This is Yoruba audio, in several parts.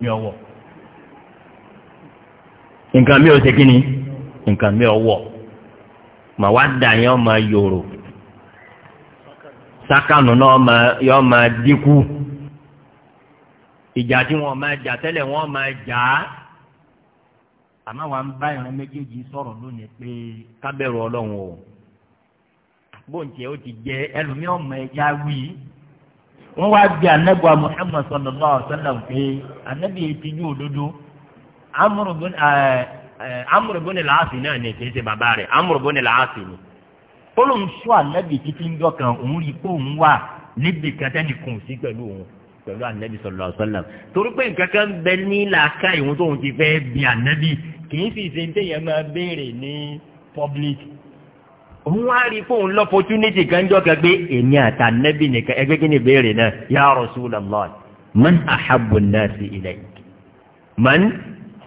Nkàmí ọwọ́ nǹkan mi ò ṣe kí ni nǹkan mi mà wá dà yẹn ọmọ yòrò sákànù náà ọmọ dínkù ìjà tí wọn máa jà tẹ́lẹ̀ wọn máa jà á àmọ́ wà ń bá ìran méjèèjì sọ̀rọ̀ lónìí pé kábẹrù ọlọ́run o bóńtì ó ti jẹ wọ́n wá bí anagba muhammad sallallahu alaihi wa sallam pé anabi yìí ti ní òdodo amúrúbó ni làásì náà ni kì í ṣe bàbá rẹ̀ amúrúbó ni làásì ni ó lóun sọ anabi títí ń dọkàn òun rí pé òun wà níbi kẹtẹ nìkan sí pẹ̀lú òun pẹ̀lú anabi sallallahu alaihi wa sallam torí pé nǹkan kan bẹ ní làákà ìwọ̀n tóun ti fẹ́ bí anabi kì í ṣe ń tẹ̀yẹ̀ máa béèrè ní public òun wá rí fóun lọ opportunity kan jọ kan pé èmi àti anabi nìkan ẹgbẹ́ kí ni ìbéèrè náà yà rasulallah man ahabu nasi ilẹ̀ man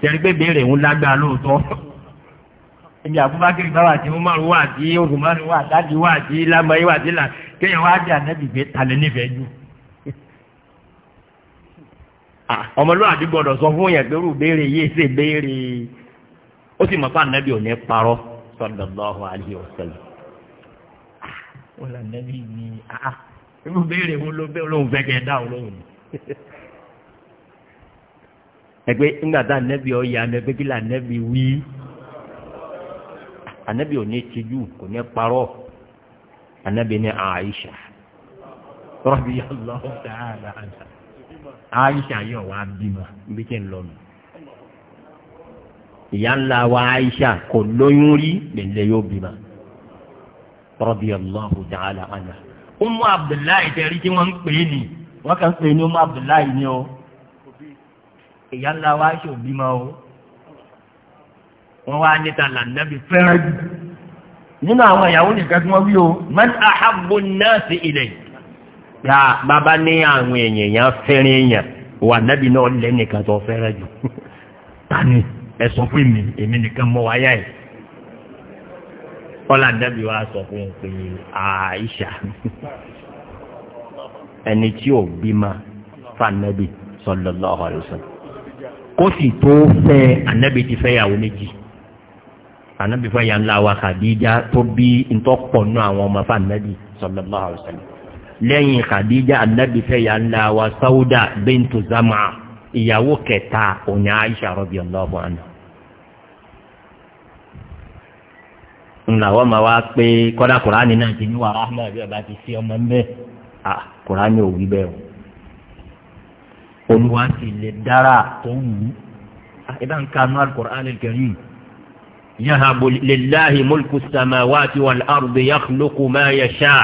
sẹ́rí pé béèrè òun lágbára lóòótọ́ èmi àbúbákiri bá wà tí mo máa wà tí ogunmánu wà dájú wà tí lámọ́yé wà tí là kéèyàn wá dé anabi gbé talẹ̀ nífẹ̀ẹ́ jù. ọmọlúwàbí gbọdọ̀ sọ fún yẹn pé irú béèrè yìí ṣe béèrè ó sì mọ̀ sallallahu alayhi wa sallam. Ah, wọ́n là nẹ́bí ni ah, ah, irú béèrè wo ló bẹ́ẹ̀ lóun fẹ́ kẹ́ ẹ dá òun lóhùn. ẹgbẹ́ ńgbà tá nẹ́bí ọ̀ya ẹgbẹ́ kí là nẹ́bí wí anabi ò ní tijú kò ní parọ́ anabi ní aisha rọ́bì yàrá lọ́wọ́ dáadáa aisha yóò wá bímọ bí kí n lọ́nu ìyá ńlá wa Aisha kò lóyún rí lèlè yóò bímọ radiyallahu ta'ala anha umu abdullahi tẹ̀rí tí wọ́n ń pè é ní wọ́n kàn ń pè é ní umu abdullahi ni o ìyá ńlá wa Aisha ò bímọ o wọ́n wá níta lànàbí fẹ́ràn jù nínú àwọn ìyàwó nìkan tí wọ́n wí o man ahabbu an-nasi ya bàbá ní àwọn èèyàn fẹ́ràn èèyàn wà nábì náà lẹ́nìkan tó fẹ́ràn jù tani ẹ sọ fún mi èmi nìkan mọ wáyà ẹ̀ kọ́lá dábì wa sọ fún un pé àìsà ẹni tí ò bímọ fanabi sallallahu alaihi wasallam kó sì tó fẹ́ anabi ti fẹ́ yàwó méjì anabi fẹ́ yà ńlá wa Khadija tó bí ntọ́pọ̀ nù àwọn ọmọ fanabi sallallahu alaihi wasallam lẹ́yìn Khadija anabi fẹ́ yà ńlá wa Sauda bintu ìyàwó kẹta ònyà Aisha radiyallahu anha. ńláwọ́ máa wá pé kọ́dà kùránì náà ti ní wàrà ahmed bí ọba ti sí ọmọ ń bẹ́ à kùránì ò wí bẹ́ẹ̀ o olùwà sì lè dára tó ń wù ú ibà ń kanú alukùránì kẹrin yahabu lillahi mulku samawati wal ardi yakhluqu ma yasha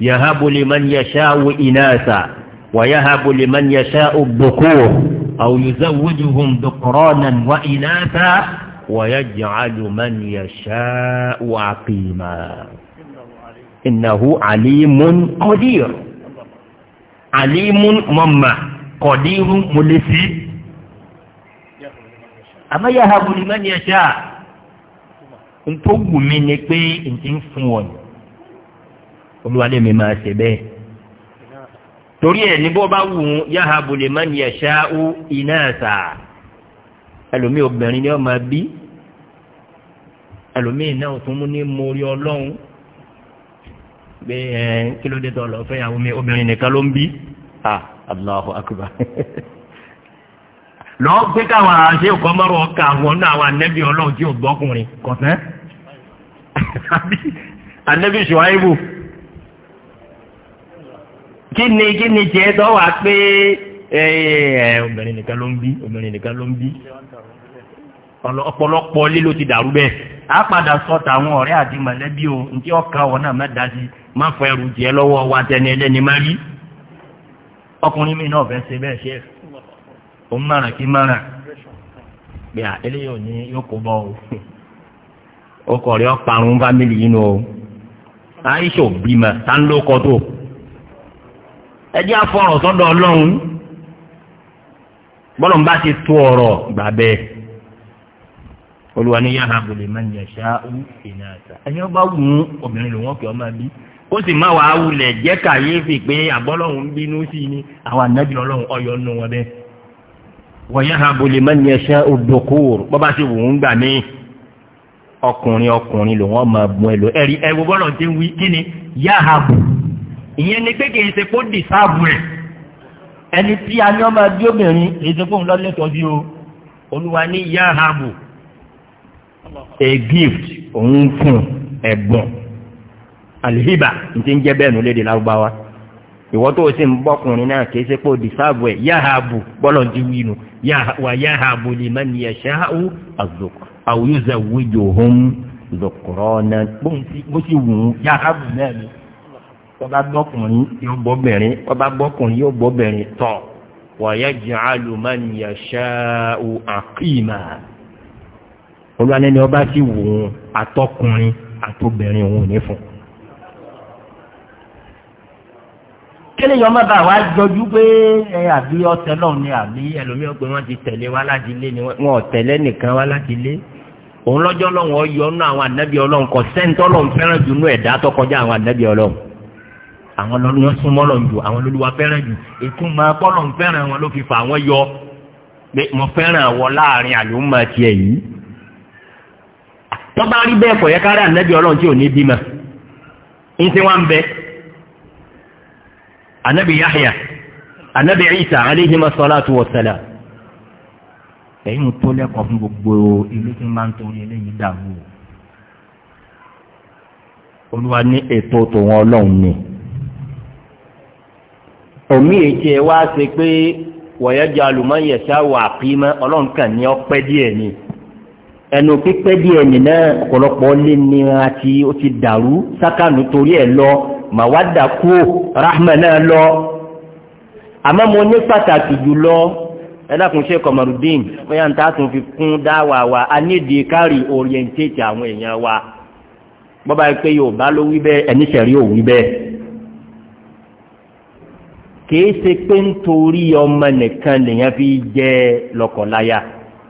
yahabu liman yasha wa inasa wa yahabu liman yasha ubukur aw yuzawwijuhum dhukranan wa inasa. ويجعل من يشاء عقيما إنه عليم قدير عليم مما قدير ملسي أما يهب لمن يشاء ntó wù mí ni pé ntí ń fún ọ ni mi máa ṣe bẹ́ẹ̀ torí ẹ̀ ní bá wù ú yahabu lè má ó iná ẹ̀sà ẹlòmí obìnrin ni ọmọ bí ẹlòmí náà tún mú ní mórí ọlọ́run pé ẹ kí ló dé tọ́ lọ fẹ́ àwọn obìnrin nìkan ló ń bí ah allahu akbar lọ́ọ́ pé káwọn àṣẹ ìkọ́mọ́rọ̀ ọkà àwọn náà àwọn anẹ́bí ọlọ́run tí ò gbọ́kùnrin kọ̀fẹ́ anẹ́bí ṣùwáìbù kí ni kí ni tiẹ̀ tọ́ wà pé obìnrin nìkan ló ń bí obìnrin nìkan ló ń bí ọ̀pọ̀lọpọ̀ lílo ti dàrú bẹ́ẹ̀ padà sọ àwọn ọ̀rẹ́ àti mọ̀lẹ́bí o ntí ọkà wọn náà má sí fọ ẹrù jẹ lọ́wọ́ wa tẹni ẹlẹ́ni rí ọkùnrin mi náà fẹ́ ṣe bẹ́ẹ̀ ṣe kí pé à eléyìí ò ní yóò kó bọ́ o ó kọ̀ rí fámìlì yìí nù o tá ti tó ọ̀rọ̀ olùwà ní yàrá abòlè máa ń yà ṣááú ìnà àtà ẹni ọba wù ú obìnrin lòun ọkẹ ọmọ bí ó sì má wàá wulẹ̀ jẹ́ kàyéfì pé àbọ́lọ́hún bínú sí i ní àwọn ànábì ọlọ́run ọyọ nù wọn bẹ́ẹ̀ wọ́n yàrá abòlè máa ń yà ṣááú dòkúrò bọ́bá sì wù ú gbà míì ọkùnrin ọkùnrin lòun ọmọ bùn ẹ lò ẹrí ẹwọ bọlọ ti wí kí ni yahabu ìyẹn ni pé kìí ṣe kó dìsáàbù ẹ ẹni tí a ní ọmọ bí obìnrin èyí tó kóun lọ lẹtọọ bí o olúwa ní yahabu a gift òun fún ẹ̀bùn alhiba n ti ń jẹ́ bẹ́ẹ̀ nù léde lárúbáwá ìwọ́ tó o sì ń bọ́kùnrin náà kì í ṣe pé o dìsáàbù ẹ̀ yahabu bọ́lọ̀ ti wí nu wà yahabu liman yasha'u az-zukr aw yuzawwijuhum dhukrana bó sì wù ú yahabu náà ni ọba bọ́kùnrin yóò bọ́bẹ̀rin ọba bọ́kùnrin yóò bọ́bẹ̀rin tọ̀ wà yaj'alu man yasha'u aqima olùwàlẹ́ni ọba sì wò ó àtọkùnrin àtobìnrin òun ò ní fún un. kílè yọmọ bá wa jọjú pé ẹ àbí ọtẹ náà ni àbí ẹlòmíì ọgbẹ wọn ti tẹ̀lé wa láti ilé ni wọn ò tẹ̀lé nìkan wa láti ilé òun lọ́jọ́ lọ́wọ́ yọ ọ́nà àwọn ànábì ọlọ́run kọ sẹ́ńtọ́ lọ́run fẹ́ràn jù nú ẹ̀dá tó kọjá àwọn ànábì ọlọ́run àwọn lọ́lọ́ súnmọ́ lọ́n jù àwọn lọ́lọ́wà fẹ́ràn jù ètò máa bọ́lọ̀ fẹ́ràn wọn ló fi fà wọ́n yọ pé mo fẹ́ràn wọn láàrin àlùmọ́ tiẹ̀ yìí tọ́ba rí bẹ́ẹ̀ kọ̀ yẹ kárí ànábì ọlọ́run tí ò ní bímọ ń tí wọ́n ń bẹ ànábì Yahya ànábì Isa alayhi salatu wa salam ẹ̀yin tó lẹ́kọ̀ọ́ fún gbogbo ilé tí máa ń torí eléyìí dààmú olúwa ní ètò tòun ọlọ́run ni omi ètí wá ṣe pé wọ̀yẹ́jà lùmọ́ yẹ̀ṣá wà pímọ́ ọlọ́run kàn ní ọpẹ́ díẹ̀ ni ẹnu pípẹ́ díẹ̀ nìna ọ̀pọ̀lọpọ̀ lé ní àti ó ti dàrú sákànù torí ẹ̀ lọ màwádà kú rahma náà lọ àmọ́ mo ní pàtàkì jùlọ ẹ̀dàkùn ṣe kọmọrùdín bóyá ń ta tún fi kún dáwà wa a nídìí kárì orientate àwọn èèyàn wa bọ́bá pé yorùbá ló wí bẹ́ẹ̀ ẹni ṣẹ̀rí ò wí bẹ́ẹ̀ kìí ṣe pé nítorí ọmọ nìkan lèèyàn fi jẹ́ lọ́kọ̀láyà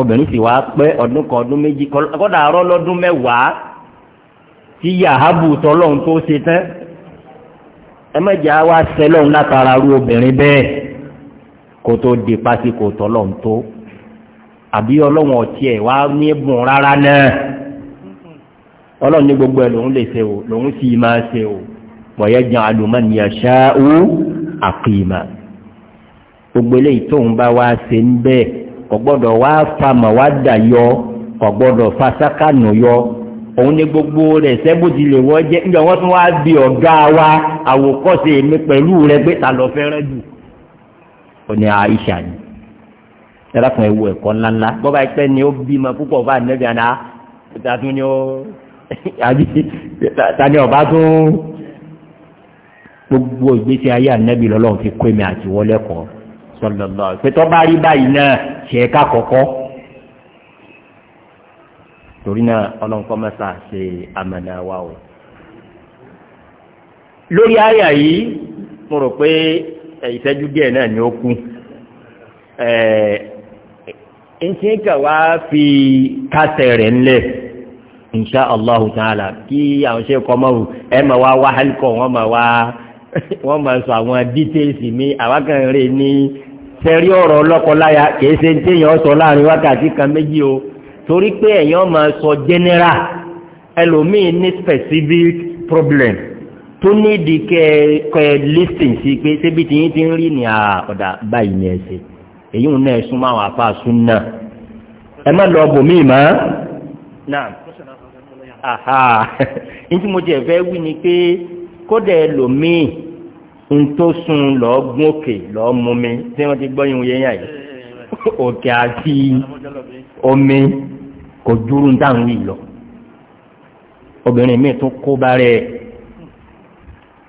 obìnrin sì wá pẹ́ ọdún kan ọdún méjì kọ́dà arọ́ lọ́dún mẹ́wàá tí yahabu tọ́lọ́hún tó ṣe tán ẹ mẹ́jà wá sẹ́lọ́hún látara ru obìnrin bẹ́ẹ̀ kó tó di pásíkò tọ́lọ́hún tó àbí ọlọ́wọ̀n ọtí ẹ̀ wá ní ẹ̀bùn rárá náà ọlọ́run ní gbogbo ẹ̀ lòun lè ṣe o lòun sì máa ṣe o wọ̀yẹ́ jẹun àlùmọ́ àṣà ó àkìmà gbogbo eléyìí tóun bá wá ṣe ń bẹ́ẹ̀ kò gbọ́dọ̀ wá fa màwádà yọ kò gbọ́dọ̀ fa sákànù yọ òun ni gbogbo rẹ̀ sẹ́bùtì lè wọ́n jẹ́ nígbà wọ́n tún wá bí ọ̀gá wa àwòkọ́ṣe mi pẹ̀lú rẹ pé ta lọ fẹ́rẹ́ jù ó ní Aisha ni ẹlẹ́kùn ewu ẹ̀kọ́ ńláńlá bọ́ba ẹgbẹ́ ni ó bímọ púpọ̀ bá nẹ́bí àná tàtún ni ó àbí tani ọba tún gbogbo ìgbésí ayé ànẹ́bí lọ́lọ́run fi kó èmi àti sọlọlọ ìpẹtọ bá rí báyìí náà ṣe ká kọkọ torí náà ọlọ́nkọ́ mẹ́ta ṣe àmàlà wa o lórí àyà yìí mo rò pé eh, ìṣẹ́jú díẹ̀ náà ni ó kú ẹ̀ẹ́dẹ́gbẹ̀ka eh, wá fi kásẹ̀ rẹ̀ ńlẹ̀ insha allah ta'ala kí àwọn ṣe kọ́ mọ́rù ẹ̀ wá wá hálíkọ̀ wọ́n máa wá wọ́n máa sọ àwọn details mi àwọn kan ní. sẹ́rí ọ̀rọ̀ ọlọ́kọláya kìí ṣe ní téèyàn sọ láàrin wákàtí kan o torí pé èèyàn máa sọ general ẹlòmíín ní specific problem tó ní ìdí kẹ listing sí pé ṣébi tí yín ti ń rí ní ọ̀dà báyìí ní ẹ̀sẹ̀ èyí ń náà súnmọ́ àwọn apá ẹ má lọ mọ́ náà aha tí mo fẹ́ ntosun lọ gún òkè lọ mumi tí wọn ti gbọ́ yín yẹn yà yìí òkè àti omi kò dúró dáhùn yìí lọ obìnrin mi tún kó bá rẹ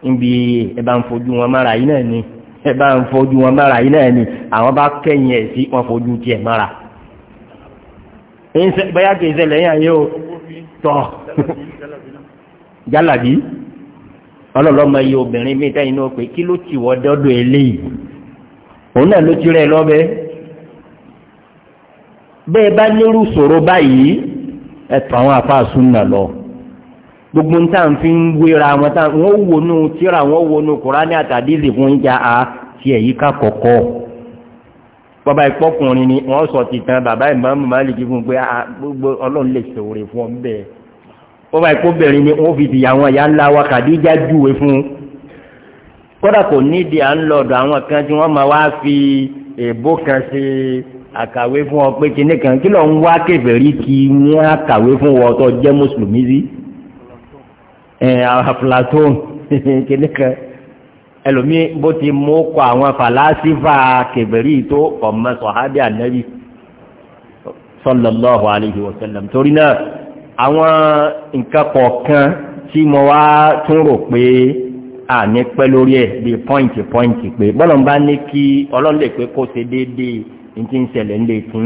níbi ẹ bá ń fojú wọn mára yìí náà ni ẹ bá ń fojú wọn mára yìí náà ni àwọn bá kẹyìn ẹ sí wọn fojú tiẹ̀ mára bóyá kì í ṣẹlẹ̀ yín tọ jálàbí. ọlọ́lọ́mọ iye obìnrin mi tẹ́yìn náà pé kí ló ti wọ́ dọ́dọ̀ eléyìí òun náà ló ti rẹ̀ lọ́bẹ̀ bẹ́ẹ̀ bá nírú ṣòro báyìí ẹ̀tọ́ àwọn afáàsùn náà lọ gbogbo ń tà ń fi ń wéra wọn tà wọ́n wọnú tíra wọ́n wọnú kùránì àtàdízì fún ìjà a tiẹ̀ yìí ká kọ̀kọ́ bàbá ìpọ́kùnrin ni wọ́n sọ ti tán bàbá ìmọ̀ mọ̀mọ́ lè kí fún un pé ah, gbogbo ọlọ́run lè ṣòro fún ọ wọ́n bá ìkóbìnrin ni wọ́n fi di àwọn ìyá ńlá wa Khadija júwe fún un kódà kò nídìí à ń lọ́dọ̀ àwọn kan tí wọ́n máa wá fi èbó kan ṣe àkàwé fún ọ pé kinní kan kí ló ń wá kèfèrí kí wọ́n àkàwé fún ọ tó jẹ́ mùsùlùmí sí àfúlàtún kinní kan ẹlòmíì bó ti mú kọ àwọn fàlásífà kèfèrí tó ọmọ sọ̀hábì ànábì sallallahu alaihi wasallam torí náà àwọn nǹkan kọ̀ọ̀kan tí mo wá tún rò pé a ní pẹ́ lórí ẹ̀ bí pọ́ìntì pọ́ìntì pé bọ́lọ̀ ń bá ní kí ọlọ́lè pé kó ṣe déédéé ní ń ṣẹlẹ̀ ń lè tún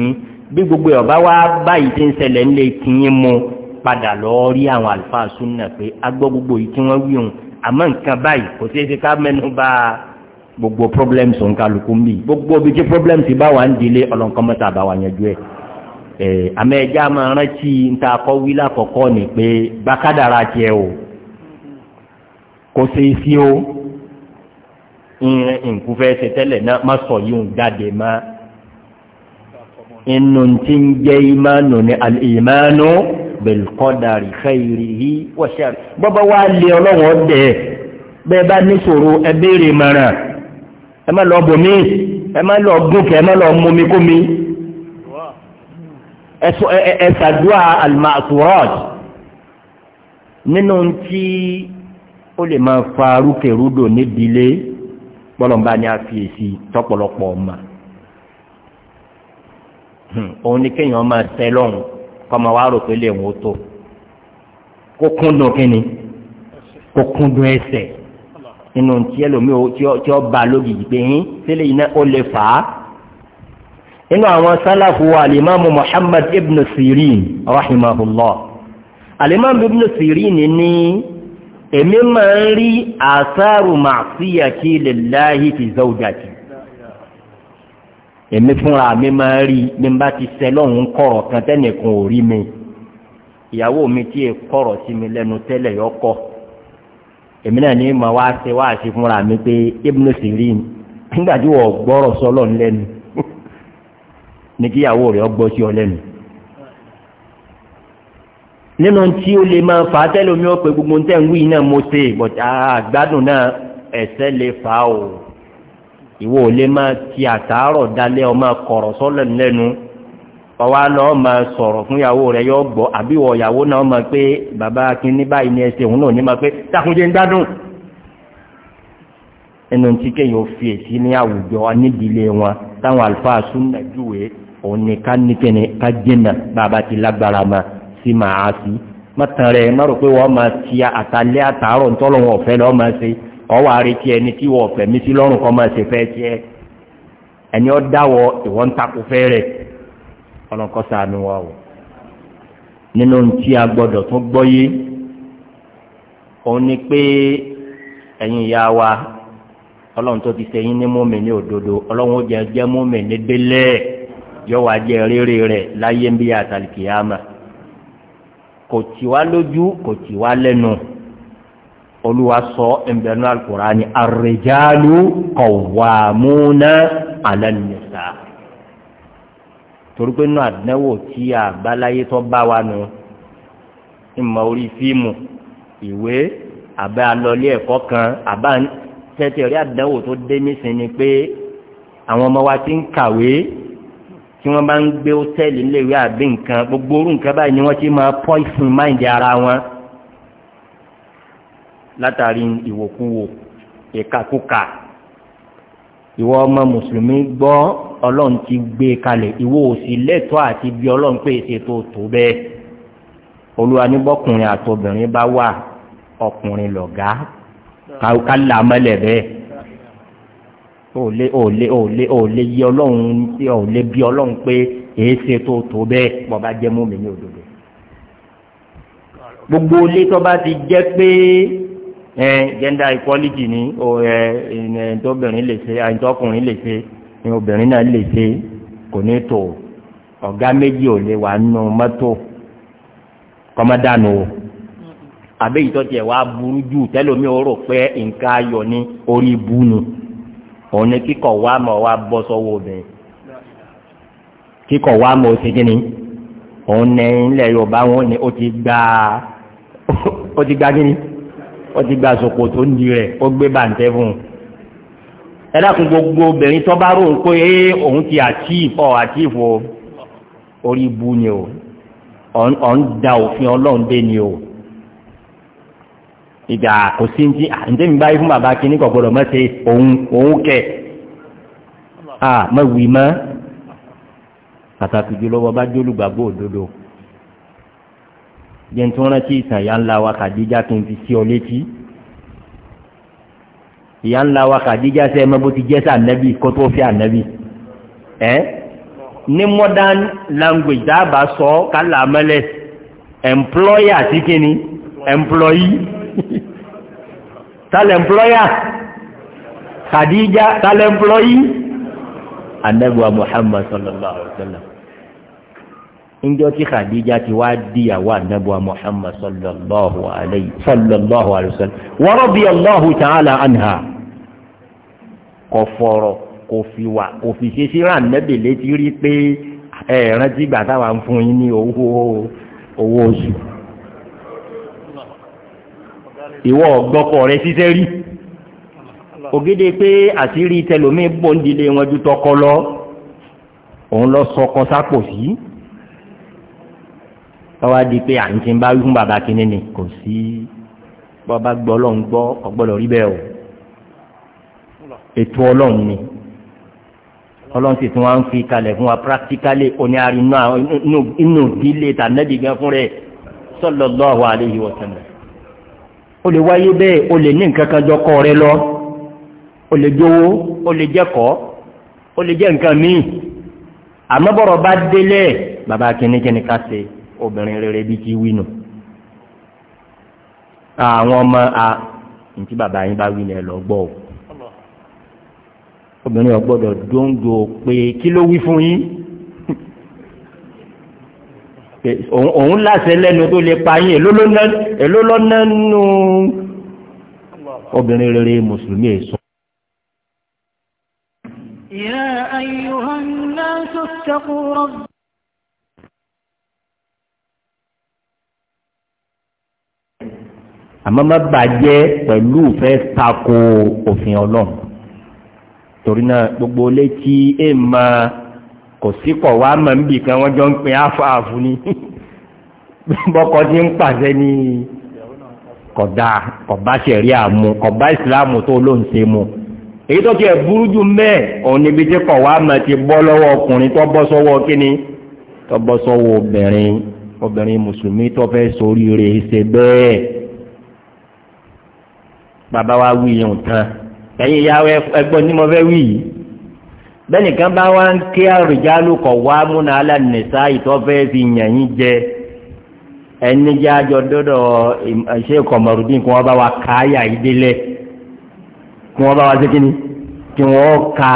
bí gbogbo ọba wa báyìí ti ń ṣẹlẹ̀ ń lè tún yín mu padà lọ rí àwọn àlùfáà súnà pé a gbọ́ gbogbo yìí tí wọ́n wí òun àmọ́ nǹkan báyìí kò ṣeé ṣe ká mẹ́nu bá gbogbo problems òǹkàlùkù mi gbogbo ibi tí problems bá wà ń dilé ọlọ́nkọ́mọ́ta bá ẹ̀ àmẹ́ẹ̀já máa rántí níta kọ́wí lákọ̀ọ́kọ́ ni pé bákádàrá tiẹ̀ o kò ṣe é sí o nǹkan fẹ́ ṣe tẹ́lẹ̀ náà má sọ yìí ń jáde má inú tí ń jẹ́ ìmánu ni alìmánu bẹ̀lkọ́dàrí fẹ́ìrì yìí wọ́ṣẹ́ bọ́bá wá lé ọlọ́wọ́ dẹ̀ bẹ́ẹ̀ bá níṣòro ẹbẹ́rẹ̀ mara ẹ má lọ bòmí ẹ má lọ gúnkẹ́ ẹ má lọ mumi kómi ẹ̀sàdúà almasurat nínú tí ó lè máa fa rúkèrúdò nídìílé pọ́lọ̀mbá ni a fi èsì tọ́pọ̀lọpọ̀ ọmọ hmm, òun ni kéèyàn máa tẹ lọ́hùn kọ́mọ wa rò pé lè wọ́n tó kó kúndùn kínni kó kúndùn ẹsẹ̀ nínú tí ẹlòmíì tí ó bá lójijì pé yín sílẹ̀ yìí náà ó lè fà inú àwọn sálàfù wa alimamu muhammad ibn sirin rahimahullah alimamu ibn sirin ni èmi máa ń rí àsáàrù ma'siyati lillahi fi zawjati èmi fúnra mi máa ń rí mi bá ti sẹlọ́hún kọ̀rọ̀ kan tẹ́nìkan ò rí mi ìyàwó mi tí è kọ̀rọ̀ sí mi lẹ́nu tẹ́lẹ̀ yọkọ̀ èmi náà ní ma wá ṣe wá ṣe fúnra mi pé ibn sirin nígbà tí wọ́n gbọ́rọ̀ sọ́lọ́ lẹ́nu ní kíyàwó rẹ̀ ọgbọ́ sí ọ lẹ́nu nínú tí ó lè máa fà á tẹ́lómi ó pé gbogbo tẹ́ ń wí náà mo ṣe but ah, àgbádùn náà ẹ̀ṣẹ̀ lè fà á o ìwọ ò lè máa ti àtàárọ̀ dalẹ́ ọmọ kọ̀rọ̀ sọ́lẹ̀ lẹ́nu ọwá lọ́ máa sọ̀rọ̀ fún ìyàwó rẹ̀ yọ gbọ́ àbí ìwọ ìyàwó náà máa pé bàbá akínní báyìí ni ẹsẹ̀ òun náà ní máa pé dákúnjẹ́ ń gbádùn ẹnu tí kéèyàn fi èsì ní àwùjọ nídìílé wọn táwọn àlùfáà súnmọ́ júwèé òun ni ká ní kíni ká jìnà bàbá ti lágbára ma sí màá sí mọ́tàn rẹ̀ má rò pé wọ́n máa ti àtàlẹ́ àtàárọ̀ ntọ́lọ́wọ́n ọ̀fẹ́ lọ́ máa ṣe ọwọ́ àrètí ẹni tí wọ́n ọ̀fẹ́ mi sí lọ́rùn kọ́ máa ṣe fẹ́ tiẹ́ ẹni ọ dáwọ́ ìwọ́n takò fẹ́ rẹ̀ ọlọ́kọ́ sànù wa o nínú tí a gbọ́dọ̀ tún gbọ́yé òun ni pé ẹ̀yin ìyá wa ọlọ́run tó ti sẹ́yìn ní mọ́mì ní òdodo ọlọ́run ó jẹ́ mọ́mì ní délẹ́ẹ̀ yọwọ ajẹ rere rẹ láyé ń bí àtàlìkìyàmà kò tí wá lójú kò tí wá lẹ́nu olúwa sọ ẹnbẹ̀rún alukurani arìjálù kọ̀wàmúná alẹ́nisa torí pé nínú àdánwò tí àbáláyé tó bá wa nù ìmọ̀ orí fíìmù ìwé àbẹ́ alọ́lé ẹ̀kọ́ kan àbá tẹ́tẹ̀rí àdánwò tó dé nísìnyí pé àwọn ọmọ wa ti ń kàwé tí wọ́n bá ń gbé hótẹ́ẹ̀lì ńlẹ̀wé àbí nǹkan gbogbo orú nǹkan báyìí ni wọ́n ti máa pọ́ìsìn máìndì ara wọn látàrí ìwòkúwò ìkàkúkà ìwọ ọmọ mùsùlùmí gbọ́ ọlọ́run ti gbé e kalẹ̀ ìwọ òsì lẹ́tọ́ àti bí ọlọ́run pé ètò tó bẹ́ẹ̀ olúwa níbọ̀kùnrin àtobìnrin bá wà ọkùnrin lọ̀gá kálá bẹ́ẹ̀ òlé òlé òlé òlé yí ọlọ́run tí òlé bí ọlọ́run pé èé ṣe tó tó bẹ́ẹ̀ bọ́ bá jẹ́ mọ́mí ní òdodo gbogbo ilé tó bá ti jẹ́ pé ẹ gender equality ni ẹ ẹ̀ǹtọ́bìnrin lè ṣe ẹ̀ǹtọ́kùnrin lè ṣe ni obìnrin náà lè ṣe kò ní tò ọ̀gá méjì ò wà nínú mọ́tò kọ́mọ́dánù o àbẹ́yìí tó tiẹ̀ wá burú jù tẹ́lómi ó rò pé nǹkan ayọ̀ ni orí ibú òun ni kíkọ̀ wá mọ̀ wá bọ́ sọ́wọ́ obìnrin kíkọ̀ wá mọ̀ ó ti kí ni òun ní ilẹ̀ yorùbá wọn ni ó ti gba ó ti gba kí ni ó ti gba sòkò tó ń di rẹ̀ ó gbé bàǹtẹ́ fún un ẹ gbogbo obìnrin tó bá rò ó pé òun ti àtìf ọ àtìf o orí ibu ni o ọ̀ da òfin ọlọ́run dé ni o ìgbà kò sí ní ǹjẹ́ mi báyìí fún bàbá kìíní kò gbọdọ̀ mọ́ ṣe òun òun kẹ̀ mọ́ wì mọ́ pàtàkì jùlọ bọ́ bá òdodo jẹ́ tí wọ́n rántí ìtàn ìyá ńlá wa kàdíjà kí n fi sí ọ létí ìyá ńlá wa kàdíjà sẹ́ mọ́ bó ti jẹ́ sí ànábì kó tó fi ànábì ẹ́ ní modern language dábàá sọ kálá mẹ́lẹ̀ employer àti kíni employee tálẹ̀ ẹ̀mplọ́yà Khadija tálẹ̀ ẹ̀mplọ́yì anẹ́gbà Muhammad sallallahu alaihi wasallam njọ tí Khadija ti wá díyàwó anẹ́gbà Muhammad sallallahu alaihi wasallam wa radiyallahu ta'ala anha kò fọ̀rọ̀ kò fi wà kò fi ṣe sí rà nẹ́bì létí rí pé ẹ̀ẹ̀rántí gbà táwa ń ìwọ ọ̀gbọ́kọ̀ rẹ ṣiṣẹ́ rí ògede pé àṣírí tẹlòmí bòǹdílé wọn ju tọkọ lọ òun lọ sọkọ sápò sí tọ́wá di pé à ń ti bá wí fún bàbá kínní ni kò sí bàbá gbọ́ ọlọ́run gbọ́ ọgbọ́dọ̀ rí bẹ́ẹ̀ o ètò ọlọ́run ni ọlọ́run sì tún wá ń fi kalẹ̀ fún wa practically oní àrínú inú ìdílé tànẹ́bì gan fún rẹ̀ sallallahu alaihi wa sallam o lè wáyé bẹ́ẹ̀ o lè ní nǹkan kan jọ kọ́ rẹ lọ o lè jówó o lè jẹ́kọ̀ọ́ o lè jẹ́ nǹkan míì àmọ́ bá délé bàbá kìnnìkìnnì ká ṣe obìnrin rere bí ti wí nù àwọn ọmọ a ntí bàbá yín bá wí ni ẹ lọ gbọ́ o obìnrin ò dóńdó pé kí ló wí fún yín òun láṣẹ lẹ́nu tó lè pa yín èló lọ́nà nù obìnrin rere mùsùlùmí èso. يا أيها الناس اتقوا ربكم àmọ́ má bàjẹ́ pẹ̀lú fẹ́ tako òfin ọlọ́run torí náà gbogbo létí èèmà kò sípọ̀ wá mọ̀ níbi kan wọ́n jọ ń pin áfààfù ni bọ́kọ tí ń pàṣẹ ní kódà kọ̀bá ṣẹ̀rí àmú kọ̀bá ìsìláàmù tó ló ń ṣe mu èyí tó ti ẹ̀ burú jù mẹ́ẹ̀ òun níbi tí kọ̀ wá mọ̀ ti bọ́ lọ́wọ́ ọkùnrin tó bọ́ sọ́wọ́ kíni tó bọ́ sọ́wọ́ obìnrin obìnrin mùsùlùmí tó fẹ́ soríire ṣe bẹ́ẹ̀ bàbá wa wí yẹn tán ẹ̀yin ìyá ẹgbọ́n ní mo fẹ́ wí yìí bẹ́ẹ̀ nìkan bá wá ń ké àrùjálù kọ̀ wá múna alánìsá ìtọ́fẹ́ fi yànyín jẹ ẹni jẹ́ àjọ dọ́dọ̀ ṣe kọ̀mọ̀rùdín kí wọ́n bá wa ká àyà ìdílẹ̀ kí wọ́n bá wa sí kíní kí wọ́n ka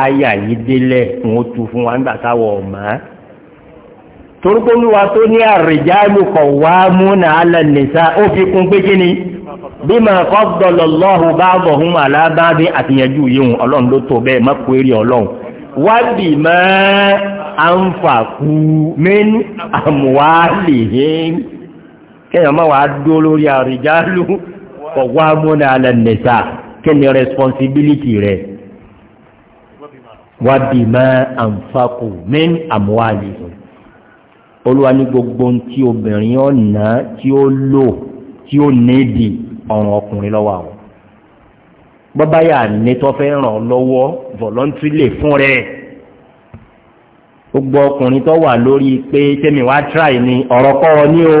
àyà ìdílẹ̀ kí wọ́n tu fún wa nígbà táwọ̀ ọ̀mọ́ torúkọ́lùwà tó ní àrùjálù kọ̀ wá múna alánìsá ó fi kún pé kíní bima faddala Allahu ba'dahum ala ba'd àtìyànjú yìí ọlọ́run ló tó bẹ́ẹ̀ mọ́kù eré ọlọ́run wa bima anfaqu min amwalihim kéèyàn máa wà á dúró lórí àrìjálù ọ̀wá múna alẹ́ nìta kí ni responsibility rẹ̀ wa bima anfaqu min amwalihim olúwa ní gbogbo tí obìnrin ọ̀nà tí ó lò tí ó nídìí ọrùn ọkùnrin lọ́wọ́ àwọn bọ́bá yà ní tó fẹ́ ràn lọ́wọ́ voluntary lè fún rẹ̀ gbogbo ọkùnrin tó wà lórí pé tẹ́mi wá try ni ọ̀rọ̀ kọ́ ọ ní o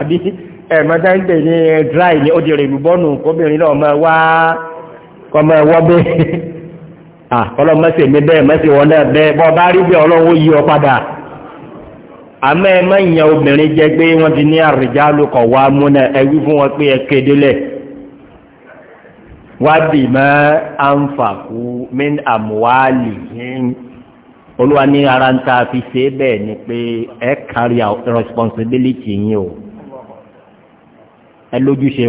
àbí ẹ̀mọ́tá ń pè ní dry ni ó di rè bọ́ọ̀nù kóbìnrin náà máa wá kọ́ máa wọ́ bẹ́ẹ̀ ọlọ́mọ́sẹ̀ mi bẹ́ẹ̀ mọ́sẹ̀ wọn náà bẹ́ẹ̀ bọ́ bá rí bí ọlọ́run yí ọ padà àmọ́ ẹ má yan obìnrin jẹ pé wọ́n ti ní àrìjálù kọ̀ wá múná ẹ wí fún wọn pé ẹ kédélẹ̀ wá bì mọ́ àǹfààkú min àmúwálì yín olúwa ní ara ń ta fi ṣe bẹ́ẹ̀ ni pé o ẹ lójúṣe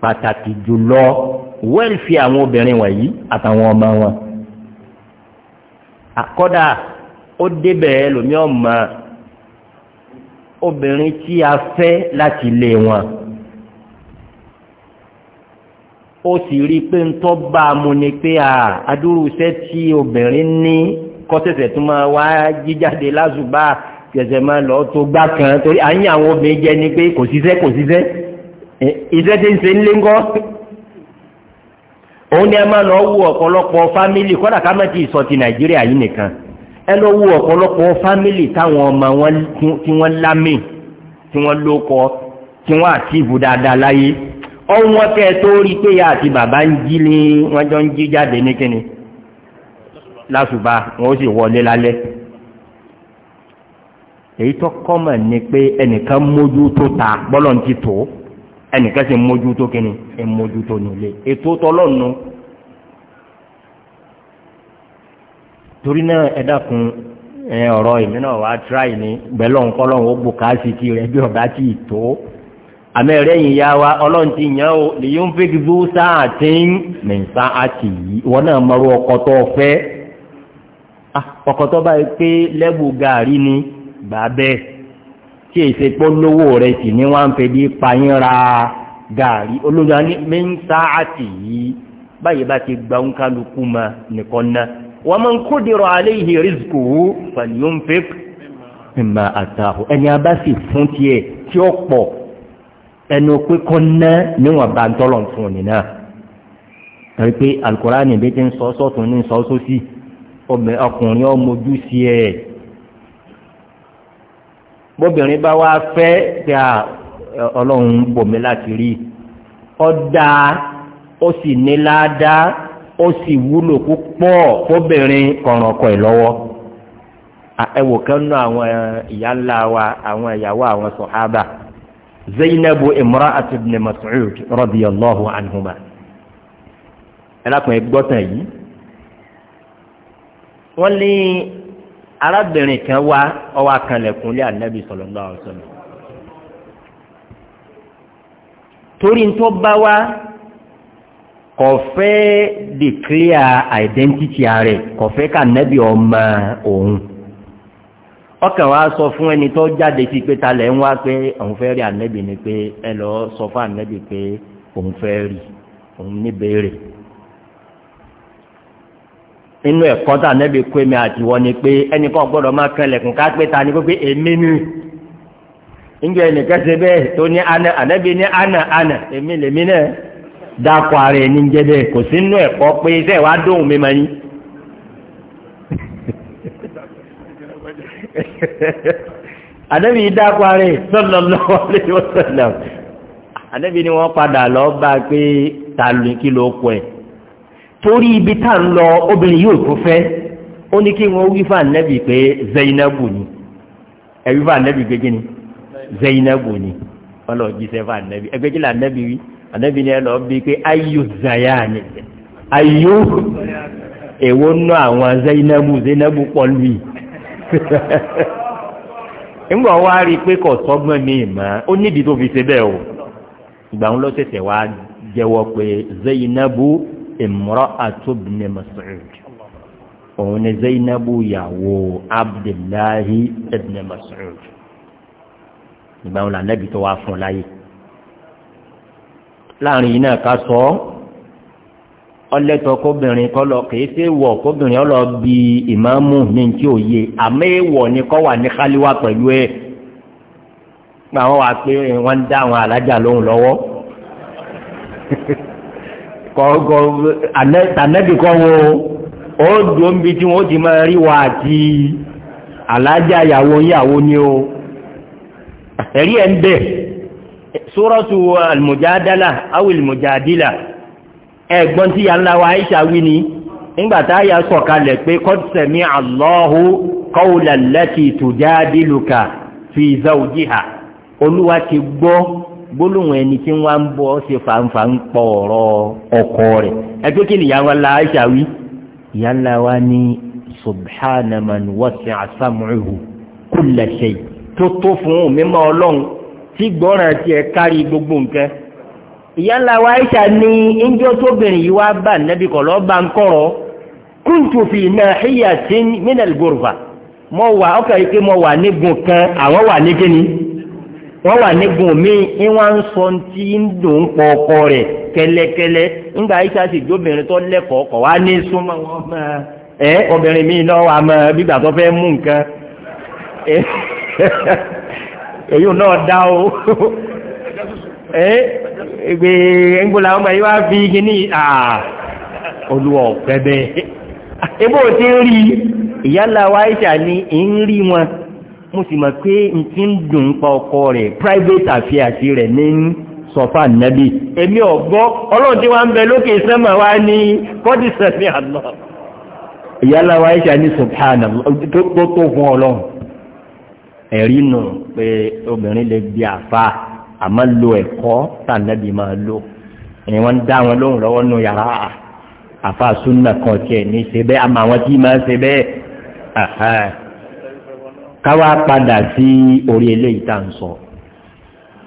pàtàkì jùlọ wẹ́ẹ̀lì àwọn obìnrin wọ̀nyí àtàwọn ọmọ wọn àkọ́dà ó débẹ̀ ẹlòmíọ́ mọ́ obìnrin tí a fẹ́ láti lé wọn ó sì rí i pé ń tọ́ bá a mu ni pé a adúrúṣẹ́ tí obìnrin ní kọ́sẹ̀sẹ̀ tó máa wá jíjáde lásùbà kẹsẹ̀ máa lọ tó gbá kan torí àyìn àwọn obìnrin jẹ́ ni pé kò síṣẹ́ kò síṣẹ́ iṣẹ́ tí ń ṣe ńlé ńkọ́ òun ni a máa lọ wo ọ̀pọ̀lọpọ̀ fámìlì kọ́dà ká má ti sọ ti nàìjíríà yìí nìkan ẹ lọ wo ọ̀pọ̀lọpọ̀ fámìlì táwọn ọmọ wọn tí wọ́n lámì tí wọ́n lókọ tí wọ́n àtìbù dáadáa láyé ọ̀hún wọn kẹ́ tó rí pé ya àti bàbá ń jí ní wọ́n jọ ń jí jáde ní kíni lásùbà wọn ó sì wọlé lálẹ́ èyí tó kọ́mọ̀ ni pé ẹnìkan mójú tó ta bọ́lọ̀ ti tó ẹnìkan sì mójú kíni ẹ mójú nílé ètò tọ́lọ́nu. torí náà ẹ dákun ọ̀rọ̀ èmi náà wàá tíráì ní bẹ́ẹ̀ lọ́n kọ́ lọ́n ó bùkásì tí rẹ̀ bí ọ̀dá tí ì tó àmẹ́rẹ́yìn ya wa ọlọ́run ti yàn ó lè yóò ń fi gbó sáà tí ń mìn sáà tì yìí wọn náà mọ̀rọ̀ ọkọ̀tọ̀ ọ̀fẹ́ ah, ọkọ̀tọ̀ báyìí pé lẹ́bù gàárì ni gbà bẹ́ẹ̀ tí èsè pọ́ rẹ̀ sì ní wọ́n á bí payín ra gàárì olóyún ní mìn sáà tì yìí báyìí bá ti gba ń kálukú ma nìkan náà wa man qudira alayhi rizquhu falyunfiq mimma ataahu ẹni a bá sì fún tiẹ̀ tí ó pọ̀ ẹnu pé kọ́ ná níwọ̀n bá ń tọ́lọ̀ fún òní náà torí pé alukurani bí ti ń sọ sọ́tún ní sọ sósì ọkùnrin ọmọdú sí ẹ̀ bóbìnrin bá wá fẹ́ tí a ọlọ́run bòmí láti rí ọ̀dà ó sì ní ládàá. ó sì wúlò púpọ̀ fóbìnrin kọ̀ràn ẹ̀ lọ́wọ́ ẹwò kan àwọn ìyá ńlá wa àwọn ìyàwó àwọn sọ̀hábà zainabu imra àti ibn mas'ud radiyallahu anhuma ẹlákùnrin gbọ́tàn yìí wọ́n ní arábìnrin kan wá ọwọ́ torí ń tó kò fẹ́ declare identity rẹ̀ kò fẹ́ ká nẹ́bí ọmọ òun ọkàn sọ fún ẹni tó jáde sí pé talẹ̀ ń wá pé òun fẹ́ rí ànẹ́bí ni pé ẹ lọ sọ fún ànẹ́bí pé òun fẹ́ rí òun níbèrè inú ẹ̀kọ́ tá ànẹ́bí èmi àti wọ́n ni pé kan gbọ́dọ̀ máa ká pé ta ni pé èmi ni ń jẹ́ ẹnì bẹ́ẹ̀ tó ní ànẹ́bí ní ànà ànà èmi lèmi náà. dákọ̀ ara ẹni ń jẹ́ bẹ́ẹ̀ kò sí nínú ẹ̀kọ́ pé iṣẹ́ wa dóhùn mi máa yín. ànábì dákọ̀ ara ẹ̀ sallallahu alaihi wasallam ànábì ni wọ́n padà lọ bá a pé ta ló kí ló kọ ẹ̀ torí ibi tá à lọ obìnrin yóò tún fẹ́ ó ní kí wọ́n wí fún ànábì pé Zainabu ni ẹ̀wí fún ànábì gbégé ni Zainabu ni wọ́n lọ jí sẹ́fà ànábì ẹgbẹ́jìlá ànábì wí ànábì ni ẹ lọ bí pé ayú zaya ni ayú èwo nú àwọn zainabu zainabu pọ̀lú yìí ńgbọ̀n wá rí i pé kò sọ́gbọ́n mi mọ́ ó nídìí tó fi ṣe bẹ́ẹ̀ o ìgbà wọn ló tẹ̀tẹ̀ wá jẹ́wọ́ pé zainabu imra atubni masoud òun ni zainabu yàwó abdullahi ibn masoud ìgbà wọn lànà ibi tó wá fún láyé láàrin yìí náà ká sọ ọlẹ́tọ̀ kóbìnrin kọ́lọ kìí ṣe wọ̀ kóbìnrin ọlọ bí ìmáàmù ní tí ò yé àmọ́ èèwọ̀ ni kọ́ wà ní káliwá pẹ̀lú ẹ̀ gba wọn wà pé wọ́n ń dá àwọn alájà lóhùn lọ́wọ́ kọ́kọ́ tànẹ́bì kọ́ wo ó dùn bí tí wọ́n ti máa rí wa àti alájà ìyàwó yíyàwó ni o ẹ̀rí ẹ̀ ń bẹ̀ sórọ́tù almujadala awil mujadila ẹ̀gbọ́n tí ya ńlá wa aisha wí ni ńgbàtá ya sọ̀kalẹ̀ pé qad sami'a Allahu qawla allati tujadiluka fi zawjiha olúwa ti gbọ́ gbólóhùn ẹni tí wọ́n ń bọ́ ṣe fàǹfà ń pọ̀ ọkọ rẹ̀ ẹgbẹ́ kí ni ìyá ńlá aisha wí ìyá ńlá wa ní subhana man wasi'a sam'uhu kulla tó tó fún mímọ́ ọlọ́run tí gbọ́ràn tí ẹ kárí gbogbo nke. ìyáńlá wa aisha ní injọ tóbìnrin yìí wá bà nẹ́bí kọ̀lọ́ bá ń kọ̀rọ̀ kúntù fi nahiyatin minal ghurfa mo wà ọkà yìí pé wà nígun kan àwọn wà ní wà nígun mi ń wá ń sọ tí ń dùn pọ̀ ọkọ rẹ̀ kẹlẹkẹlẹ ńgbà sì jóbìnrin tó lẹ́kọ̀ọ́ kọ̀ wá ní súnmọ́ wọn ẹ mi náà wà èyí ò náà dá o ẹgbẹ ẹgbọlá ọmọ yìí wá fi igi ní à olùwọ pẹbẹ ebó ti ń rí ìyálà wa ni ń rí wọn mo sì mọ̀ pé n ti ń dùn pa ọkọ rẹ̀ private affairs rẹ̀ ní sọ̀fà nàbí èmi ọ̀gbọ́ ọlọ́run tí wọ́n ń bẹ lókè sẹ́mà wá ní kọ́dísẹ̀ ní àná ìyálà wa ìṣà ni subhanallah tó tó fún ọlọ́run ẹ̀rí nù pé obìnrin lè di àfa àmọ́ lo ẹ̀kọ́ tànàbí máa lò ẹni wọ́n dá wọn lóhùn lọ́wọ́ nù yàrá àfa súnà kan tiẹ̀ ní ṣe bẹ́ẹ̀ àmọ́ àwọn tí máa ṣe bẹ́ẹ̀ káwá padà sí orí eléyìí tá à ń sọ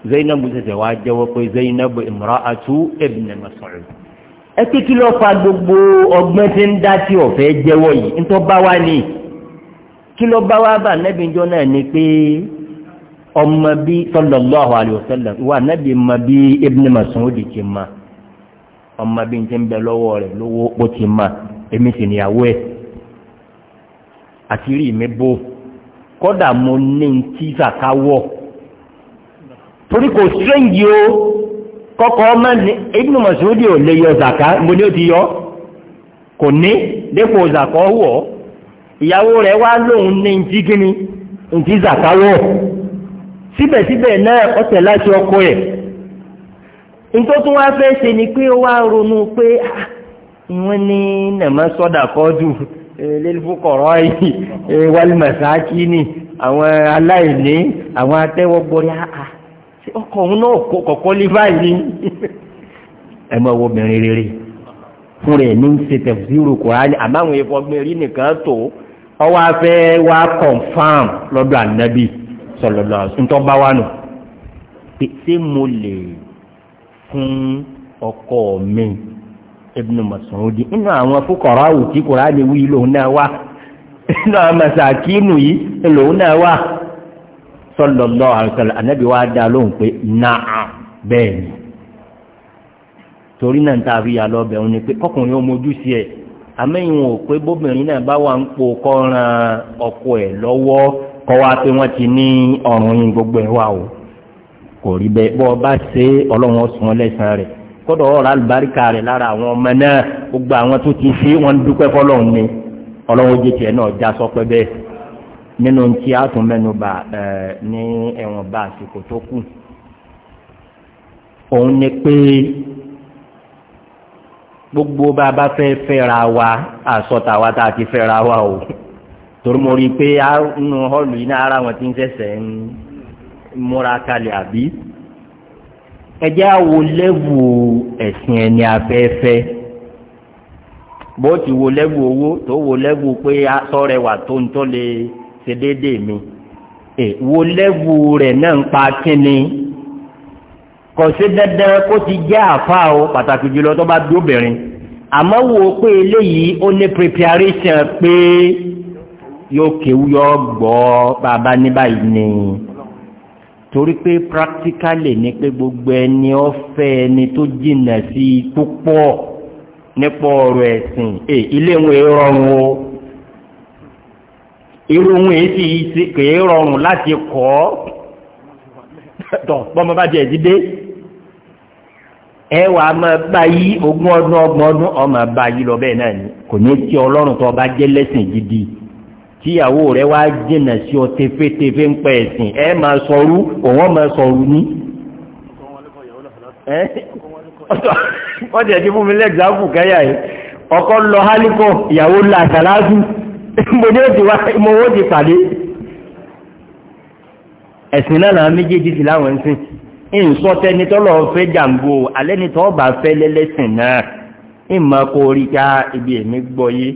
zainabu ṣẹ̀ṣẹ̀ wá jẹ́wọ́ pé zainabu imra'atu ibn mas'ud ẹ pé kí ló fa gbogbo ọgbọ́n tí ń dá sí ọ̀fẹ́ jẹ́wọ́ yìí ń tọ́ bá wá ní kí ló bá wá bá nẹ́bíjọ́ náà ni pé ọmọ bí sallallahu alaihi wasallam wà nẹ́bí mọ bí Ibn Mas'ud ti ma ọmọ bí ti ń bẹ lọ́wọ́ rẹ̀ lówó ó ti ma èmi sì níyàwó ẹ̀ àti rí mi bó kódà mo ní tí sàkáwọ̀ torí kò sírẹ́ǹgì o kọ́kọ́ ọmọ ní Ibn Mas'ud ò lè yọ zàká mo ní ó ti yọ kò ní dépò zàkọ́ wọ̀ ọ́ ìyàwó rẹ̀ wá lóun ní ntí gíní ntí zakawọ́ síbẹ̀síbẹ̀ náà ọ̀tẹ̀ láti ọkọ rẹ̀ nítorí tó wá fẹ́ ṣe ni pé ó wá ronú pé ah, wọ́n ní nàmọ́ sọ́dà kọ́dù lẹ́lẹ́fọ́kọ̀rọ́ yìí wálìmọ̀sáàkì ni àwọn aláìní àwọn atẹ́wọ́gbọ́rí àà ah, ah, ọkọ̀ òun náà kọ̀kọ́ lé báyìí ẹ máa wọ obìnrin rere fún rẹ̀ ní ṣe tẹ̀síìrù kùránì àbáwọn ìfọ̀gbìn rí nìkan tó ọwọ́ afẹ́ wa confam lọ́dọ̀ ànábì sọ̀lọ̀lọ̀ ntọ́ba wa nù pé ṣé mo lè fún ọkọ mi ibnu masoudi inú àwọn fúkọ̀rọ̀ àwùjí kùránì wí lòun náà wà inú àwọn masakínù yìí lòun náà wà sọ̀lọ̀lọ̀ àrùsọ̀lọ̀ ànábì wa dá lóhùn pé náà bẹ́ẹ̀ ni torí náà ń ta àfihàn lọ́bẹ̀ òun ni pé kọkùnrin ó mojú sí ẹ̀ àmẹ́yìn ò pé bóbìnrin náà bá wà ń po kọ́ran ọkọ ẹ̀ lọ́wọ́ kọ́ wa pé wọ́n ti ní ọ̀run yín gbogbo ẹ̀ wà o kò rí bẹ́ẹ̀ bọ́ bá ṣe ọlọ́run ọ̀sùn ọlẹ́sàn rẹ̀ kọ́dọ̀ ọ̀rọ̀ alùbáríkà rẹ̀ lára àwọn ọmọ náà gbogbo àwọn tó ti ṣe wọn dúpẹ́ fọlọ́run ni ọlọ́run ojú tiẹ̀ náà já sọ pé bẹ́ẹ̀ nínú tí a tún mẹ́nu bà ní ẹ̀wọ̀n bá àsìkò tó kù òun ni pé gbogbo bá a bá fẹ́ fẹ́ra wa àsọta wa tá a ti fẹ́ra wa o torí mo rí i pé nínú họ́ọ̀lù yìí náà ara wọn ti ń sẹ̀sẹ̀ ń múra kalẹ̀ àbí ẹjẹ́ àwo lẹ́wù ẹ̀sìn ẹni afẹ́fẹ́ bó ti wo lẹ́wù owó tó wo lẹ́wù pé sọ́rẹ́ wà tó ń tó lè ṣe déédéé mi wo lẹ́wù rẹ̀ náà ń pa kíni kò sí dandan kó ti jẹ́ àfa o pàtàkì jùlọ tó bá dóbìnrin àmọ́ wo pé eléyìí ó ní preparation pé yóò kéwú yọ gbọ́ bàbá ní báyìí ni torí pé practically ni pé gbogbo ẹni ọ̀fẹ́ ẹni tó jìnnà sí púpọ̀ nípa ọ̀rọ̀ ẹ̀sìn ẹ ilé wọn rọrùn o irú wọn èsì kìí rọrùn láti kọ́ tọ̀ bọ́mọ bá jẹ́ ìdídé ẹwà máa bá yí ogún ọdún ọgbọ̀n ọdún ọmọ bá yí lọ bẹ́ẹ̀ náà ni kò ní tí ọlọ́run tó bá jẹ́ lẹ́sìn gidi tíyàwó rẹ wá jìnà sí ọ tefetefe ń pẹ́ ẹ̀sìn ẹ máa sọrú òun máa sọrú ní. wọ́n ti ẹ̀dí fún mi lẹ́gbàáfù kẹ́yà yìí ọkọ lọ hálíkọ ìyàwó la àtàlájú mo ní òtí wá mo wó ti pàdé ẹ̀sìn náà làwọn méjèèjì sí láwọn ń sìn ìsọtẹni tọ́lọ̀ fẹ́ jàǹgbò alẹ́ni tọ́ bá fẹ́ lẹ́lẹ́sìn náà ìmọ̀ kó rí ibi èmi gbọ́ yé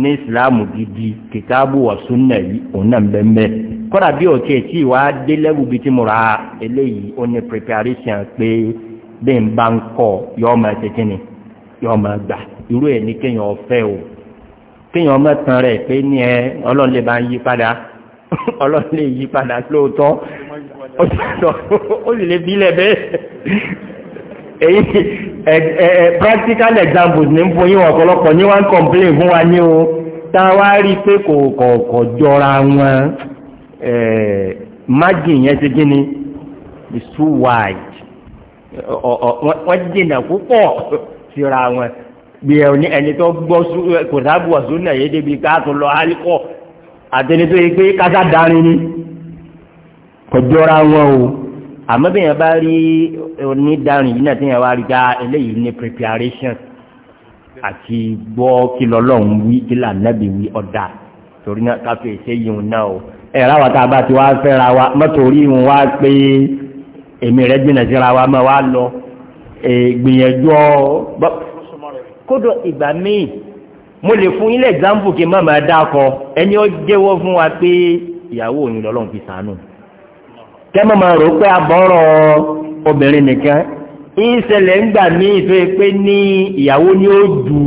ní ìsìláàmù gidi kìtàbù ọ̀sùnà yìí òun náà bẹ́ẹ̀ kọ́dà bí òkè tí ìwà dé lẹ́wù bíi tí mo ra eléyìí ó ní preparation pé bí n bá ń kọ́ yọ ọmọ ẹ̀ tẹ́tí ni yọ ọmọ gbà irú ẹ̀ ní kéèyàn ọ̀fẹ́ o kéèyàn ọmọ tán pé ní ẹ ọlọ́run lè bá ń yí padà ọlọ́run lè yí padà lóòótọ́ ó sì lè bílẹ̀ bẹ́ẹ̀ èyí practical examples ní fún yín ọ̀pọ̀lọpọ̀ ní wọ́n complain fún wa ní o tá a wá rí pé kò kọ̀ọ̀kọ̀ jọra wọn margin yẹn ti gí is too wide wọ́n jìnà púpọ̀ síra wọn bí ẹni ẹni tó gbọ́ kò sábùwọ̀sùn náà yé débi ká tó lọ alikọ́ àtẹnitó yìí pé kásá darin ni kọjọ́ra wọn o àmọ́ bí yẹn bá rí onídàárín yìí náà tí yẹn wá rí dáa ah, eléyìí ní preparation àti gbọ́ kí lọ́lọ́run wí kí lànàbì wí ọ̀dà torí náà káfí ìṣe yìí náà o ẹ̀ ráwa tá a bá ti wá fẹ́ra wa mọ́tò orí wọn wá pé èmi rẹ̀ jìnnà síra wa máa wá lọ gbìyànjú ọ kódò ìgbà míì mo lè fún yín lẹ́gbàmbù kí má máa dákọ ẹni ó jẹ́wọ́ fún wa pé ìyàwó òyìnbó ọlọ́run fi sànù kẹ́mọ̀ máa rò pé abọ́rọ̀ obìnrin nìkan ìṣẹ̀lẹ̀ ń gbà ní ìfẹ́ pé ní ìyàwó ni ó ju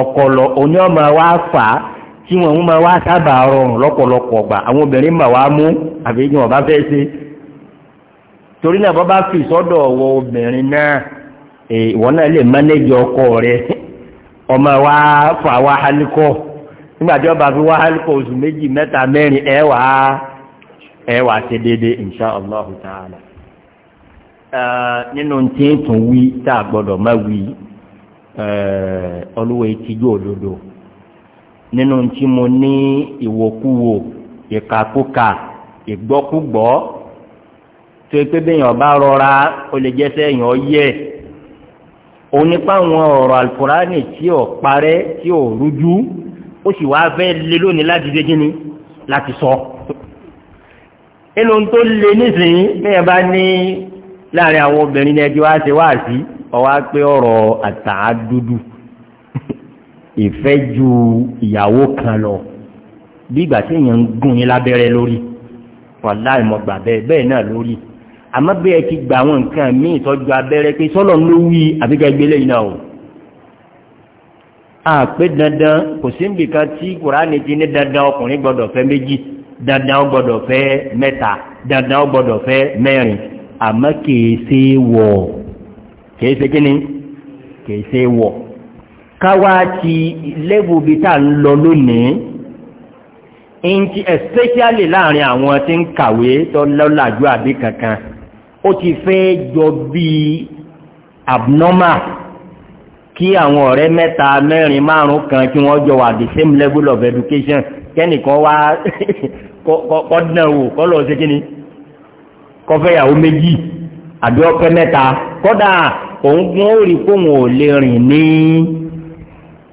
ọ̀kọ̀lọ̀ òní ọmọ wa fà á tí wọn wá sábà rọrùn lọ́pọ̀lọpọ̀ ọgbà àwọn obìnrin mà wá mú àbí ọba fẹ́ ṣe torí náà bọ́bá fi sọ́dọ̀ obìnrin náà ìwọ náà lè mánéjì ọkọ rẹ wa fà wá hálíkọ nígbà tí ọba fi wá hálíkọ oṣù méjì mẹ́ta mẹ́rin ẹ̀ wàá ẹ wà ṣe déédéé insha allah ta'ala nínú tí ń tún wí tá a gbọ́dọ̀ má wí olúwa ìtìjú òdodo nínú tí mo ní ìwòkúwò ìkàkúkà ìgbọ́kúgbọ́ tó pé bẹ́yàn bá rọra ó lè jẹ́sẹ́ èèyàn yẹ onípa àwọn ọ̀rọ̀ alukurani tí ò parẹ́ tí ò rújú ó sì wá fẹ́ lé lónìí láti dé gíní láti sọ. So inú tó lè nísìnyí bẹ́ẹ̀ bá ní láàrin àwọn obìnrin ní ẹjọ́ wá ṣe wá sí ọwá pé ọ̀rọ̀ àtàádúdú ìfẹ́ ju ìyàwó kan lọ bí ìgbà tí èèyàn ń gún yín lábẹ́rẹ́ lórí wàláì mọ̀ gbà bẹ́ẹ̀ bẹ́ẹ̀ náà lórí àmọ́ bí ẹ ti gba àwọn nǹkan míì ìtọ́jú abẹ́rẹ́ pé sọ́lọ̀ ló wí àbíkẹ́gbélé yìí náà o àpé dandan kò sí nbìkan tí kùránì ti ní dandan ọkùnrin gbọ́dọ̀ fẹ́ méjì dandan gbọ́dọ̀ fẹ́ mẹ́ta dandan gbọ́dọ̀ fẹ́ mẹ́rin àmọ́ kìí ṣe wọ̀ kìí ṣe kíni kìí ṣe wọ̀ káwá ti lẹ́bù bí tá ń lọ lónìí ìntì especially láàrin àwọn tí ń kàwé tó lọ́làjú àbí kankan ó ti fẹ́ jọ bí abnormal kí àwọn ọ̀rẹ́ mẹ́ta mẹ́rin márùn-ún kan kí wọ́n jọ wà the same level of education kẹ́nìkan wá kọ́dínà kọ́lọ̀ ṣe kíni kọ́fẹ́yàwó méjì àbí mẹ́ta kọ́dà òun ó rí kóhùn ò lè rìn ní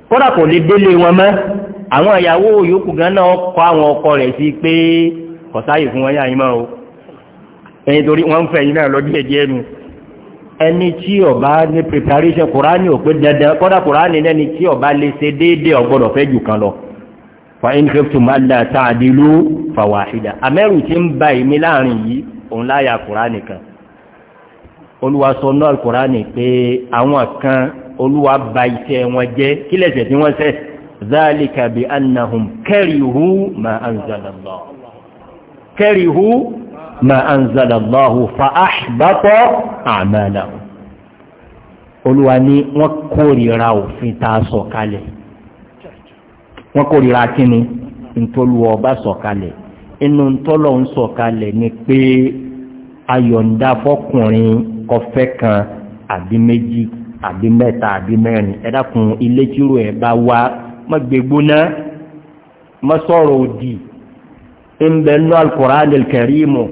kọ́dà kò lè délé wọn mọ́ àwọn ìyàwó yòókù gan náà kọ́ àwọn ọkọ rẹ̀ sí pé kọ̀sáyè fún wọn yá yín mọ́ o ẹ̀yìn torí wọ́n ń fẹ́ yín náà ẹ̀jẹ̀ ẹni tí ọba ní preparation kùránì ò pé dandan kọ́dà kùránì tí ọba lè ṣe déédéé ọgbọ́dọ̀ fẹ́ jù kan fàyín kẹfù máa là tààdìlú fàwàhídà amẹ́rù tí ń ba ìmí láàrin yìí òun láyà kùránì kan olúwa sọ náà kùránì pé àwọn kan olúwa ba iṣẹ́ wọn jẹ́ kí lẹ́sẹ̀ tí wọ́n ṣẹ̀ zálìkà bí annahum kẹrìhú ma anzalallah kẹrìhú ma anzalallah fa àmàlà olúwa ni wọ́n kórìíra òfin tá sọ kalẹ̀ wọ́n kórìíra kínni ntọ́lùwọ̀ ọba sọ̀kalẹ̀ inú ntọ́lọ̀ ń sọ̀kalẹ̀ ni pé ayọ̀ǹda fọkùnrin kọfẹ́ kan àbí méjì àbí mẹ́ta àbí mẹ́rin ẹ dákun ilé tírò ẹ̀ bá wá má gbégbóná má sọ̀rọ̀ òdì ń bẹ nú alukóraanil kẹrìmù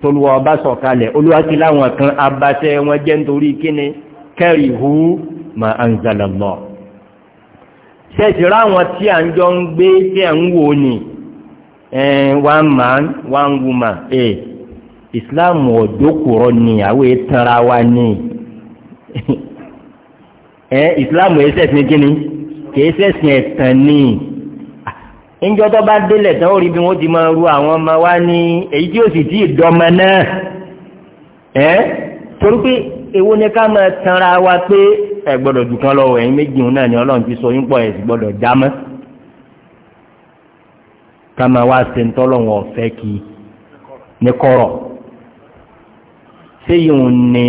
tọ́lùwọ̀ ọba sọ̀kalẹ̀ olúwàtí láwọn kan abatẹ́ wọn jẹ́ nítorí kíni kẹrìhù mà anzalallah ṣẹ́ẹ̀tì ráwọn tí à ń jọ ń gbé tí à ń wò ní one man one woman eh islam ọ̀dọ́kùrọ̀ ni àwọn ìtara wa ni islam ẹ̀sẹ̀ sí kí ni kìí sẹ̀sìn ẹ̀tàn ni ìjọ tó bá délẹ̀ tán ó rí bí wọ́n ti máa ru àwọn ọmọ wa ní èyí tí ó sì tí ìdọ́mọ náà torí pé èwo ni ká máa tanra wa pé ẹ gbọ́dọ̀ jù kan lọ́wọ́ ẹ̀yin méjì náà ni ọlọ́run ti sọ yín pọ̀ ẹ̀ sì gbọ́dọ̀ já mọ́ ká máa wá ṣe ń tọ́lọ́wọ́ ọ̀fẹ́ kí ní kọ́rọ̀ séyìn òun ni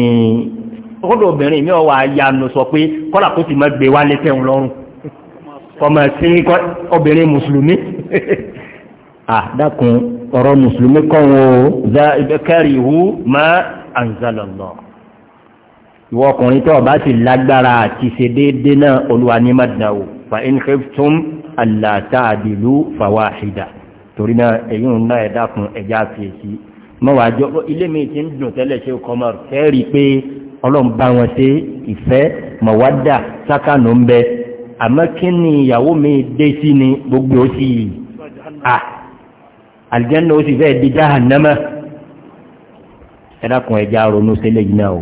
ọ̀dọ̀ obìnrin mi ọ̀wà ayanu sọ pé kọ́là kó ti máa gbé wá ní tẹ̀hún lọ́rùn ọmọ sí obìnrin mùsùlùmí ah dákun ọ̀rọ̀ mùsùlùmí kọ́ wọn o za ibẹ̀ máa anzalallah ìwọ ọkùnrin tó bá sì lágbára àti ṣe déédé náà olúwa ní mọ́dínàwó fa in khiftum alla ta'dilu fawahida torí náà èyí ń ná ẹ̀dá fún ẹ̀já fèsì mọ́wàájọ́ ilé mi ti ń dùn tẹ́lẹ̀ ṣe kọmọ̀rù fẹ́ẹ̀rí pé ọlọ́run bá wọn ṣe ìfẹ́ mọ̀wádà sákànù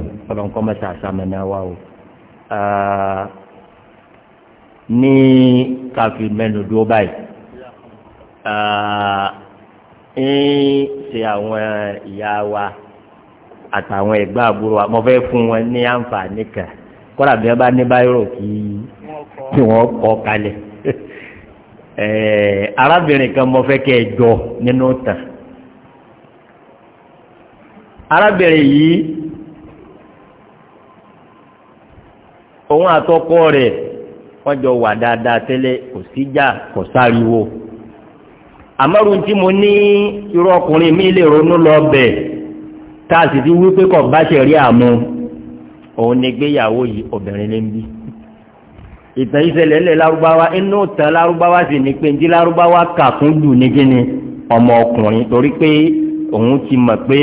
ń ọlọ́nkọ́ mẹ́ta àsàmẹ́nà wa o ní káfí mẹ́nu dúró báyìí ń ṣe àwọn ìyá wa àtàwọn ẹ̀gbọ́n àbúrò wa mo fẹ́ fún wọn ní àǹfààní kan kọ́ra bí wọ́n bá ní báyọ̀ kí wọ́n kọ́ kalẹ̀ arábìnrin kan mo fẹ́ kẹ́ ẹ jọ nínú tàn yìí. òun àtọkọ rẹ̀ wọ́n jọ wà dáadáa tẹ́lẹ̀ kò síjà kò sáriwo àmọ́rù tí mo ní irú ọkùnrin mi lè ronú lọ bẹ̀ tá a sì ti wí pé kò bá ṣe rí àmú òun ni gbéyàwó yìí obìnrin lè ń bí ìtàn ìṣẹ̀lẹ̀ ilẹ̀ lárúbáwá inú ìtàn lárúbáwá sì ní pé ní lárúbáwá kà fún jù ní kíni ọmọ ọkùnrin torí pé òun ti mọ̀ pé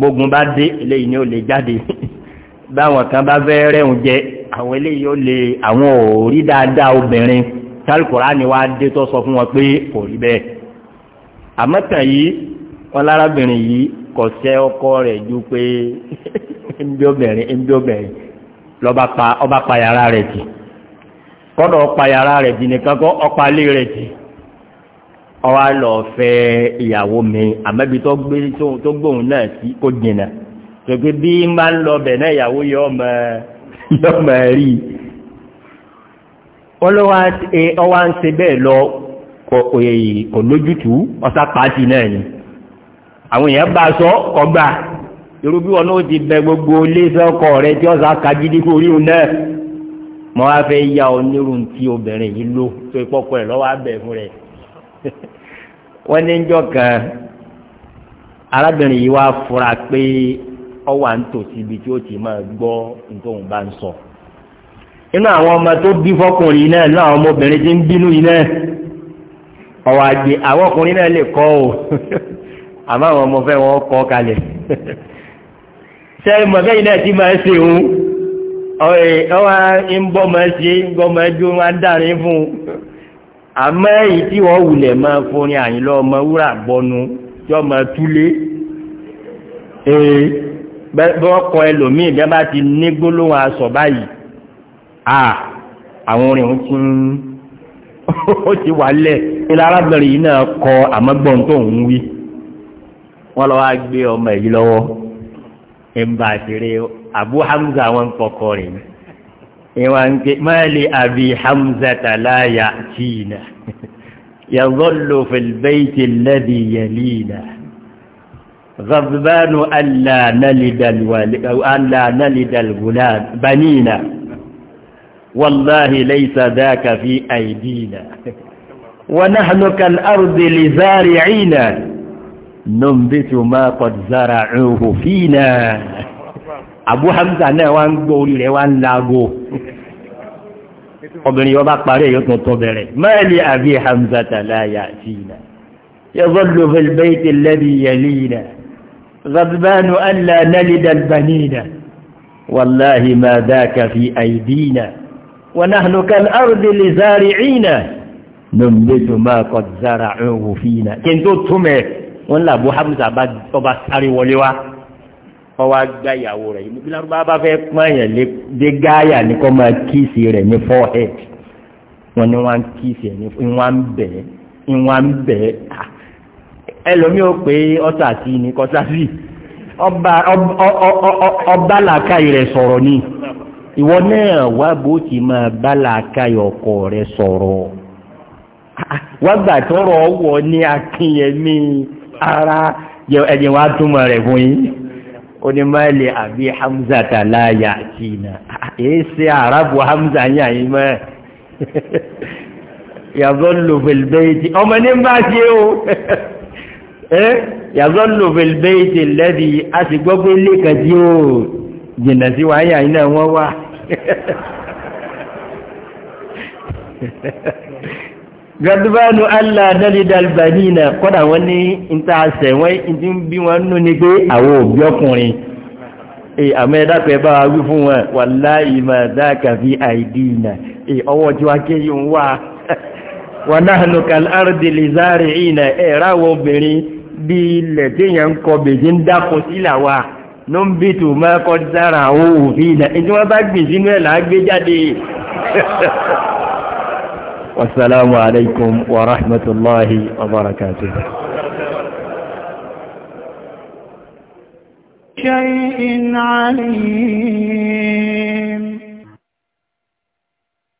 bógun bá dé eléyìí ni ó lè jáde báwọn kan bá fẹ́ rẹ̀hùn jẹ àwọn eléyìí ó lè àwọn ò rí dáadáa obìnrin tálùkùrá ni wá dé tó sọ fún wọn pé kò rí bẹ́ẹ̀ àmọ́tàn yìí wọn lárábìnrin yìí kò sẹ́ ọkọ rẹ̀ ju pé ẹnbí obìnrin ẹnbí obìnrin lọ́ba pa ọba pa rẹ̀ jì kọ́dọ̀ ọpa rẹ̀ jì nìkan kọ́ ọpa rẹ̀ jì ọwọ́ lọ fẹ́ ìyàwó mi àmọ́bi tó gbóhùn náà sí kó jìnnà tòkè bí n bá ń lọ bẹ̀ náà ìyàwó yọ ọmọ rí wọ́n lọ́wọ́ ọwá ń se bẹ́ẹ̀ lọ kò lójútù ọ̀sá pàtì náà ni àwọn èèyàn bá sọ ọgbà irú bí wọn náà ti bẹ gbogbo iléeṣẹ́ ọkọ rẹ tí ọ̀sá kagídí kò rí òun náà mọ wá fẹ́ ya onírun tí obìnrin yìí lò tó ìpọ́kọ ẹ̀ lọ́wọ́ abẹ fún rẹ̀ wọ́n ní jọ kan arábìnrin yìí wá fura pé ọwà ń ibi tí ó ti máa gbọ́ nítorí bá ń sọ. inú àwọn ọmọ tó bí fọkùnrin náà náà ọmọbìnrin ti ń bínú yìí náà ọ̀wà àgbè àwọn ọkùnrin náà lè kọ́ o àmọ́ àwọn ọmọ fẹ́ wọn kọ́ kalẹ̀ ṣe mọ̀fẹ́ yìí náà ti máa ṣe òun ọwọ́ ń bọ́ máa ṣe ń bọ́ máa jó máa dárin fún un àmọ́ èyí tí wọ́n wulẹ̀ máa fún ni àyìnlọ́ ọmọ wúrà bọnu tí ọmọ túlé bọ́ kọ ẹlòmíì ìjọba ti ní gbólóhùn aṣọ báyìí à àwọn orin òun tún ó ti wà lẹ̀ ilé arábìnrin yìí náà kọ àmọ́gbọ́n tó ń wí wọ́n lọ́wọ́ á gbé ọmọ èyí lọ́wọ́ ìgbà àṣírí Abu Hamza wọn kọkọ rẹ̀ ìwọ̀n ń ké mẹ́lì Abi Hamza tàláyà tìǹà yàgọ́lò fil bayti alladhi yalina. غضبان ألا نلد ألا نلد الغلام بنينا والله ليس ذاك في أيدينا ونحن كالأرض لزارعينا ننبت ما قد زرعوه فينا أبو حمزة نوان قول لوان لاغو قبني وباق باري ما لي أبي حمزة لا يأتينا يظل في البيت الذي يلينا غضبان ألا نلد البنين والله ما ذاك في أيدينا ونحن كالأرض لزارعين ننبت ما قد زرعوه فينا كنتو تمه wọ́n là bó hamza bá tọ́ba sáré wọlé wá wọ́n wá gbá ìyàwó rẹ̀ yìí bí lárúbá bá fẹ́ pọ́n èèyàn lé dé gáyà ní kọ́ máa kíìsì rẹ̀ ní forehead wọ́n ní wọ́n á kíìsì ẹ̀ ní wọ́n á ń bẹ̀ ẹ́ ní wọ́n á ń bẹ̀ ẹ́ ẹlòmí ò pé ọ̀tà sí ni kọ́tà ọba rẹ̀ sọ̀rọ̀ ni ìwọ náà wá bó ti bá ọkọ rẹ̀ sọ̀rọ̀ wá gbà tọrọ ọwọ́ ní akínyẹmí ara ẹ̀jẹ̀ wá túmọ̀ rẹ̀ fún yín onímọ̀lì àbí hamza tàláyà àtìnà èyí sí àràbù hamza ọmọ ní ṣe o. ẹ́ yàtọ̀ lòbẹ̀lẹ̀ ìṣe lẹ́dí a sì gbọ́ pé lẹ́kàn tí ó jìnà sí wáyà iná wọ́n wá gàdúbánu allah dalida albanina kọ́dà wọ́n ní níta sẹ̀wọ́n ìdí ń bí wọn nú ni pé àwọn òbí ọkùnrin àmọ́ ẹ̀dá bá wa wí fún wọn wà láì máa dákà fi àìdí ìnà bí ilẹ̀ téèyàn ń kọ bèjì ń dákọ sílà wa ló ń bí tò má kọ dára òun fi ilẹ̀ tí wọ́n bá gbìn sínú ẹ̀ là á gbé jáde. wasalaamu alaykum wa rahmatulahi wa barakatuh. شيء عليم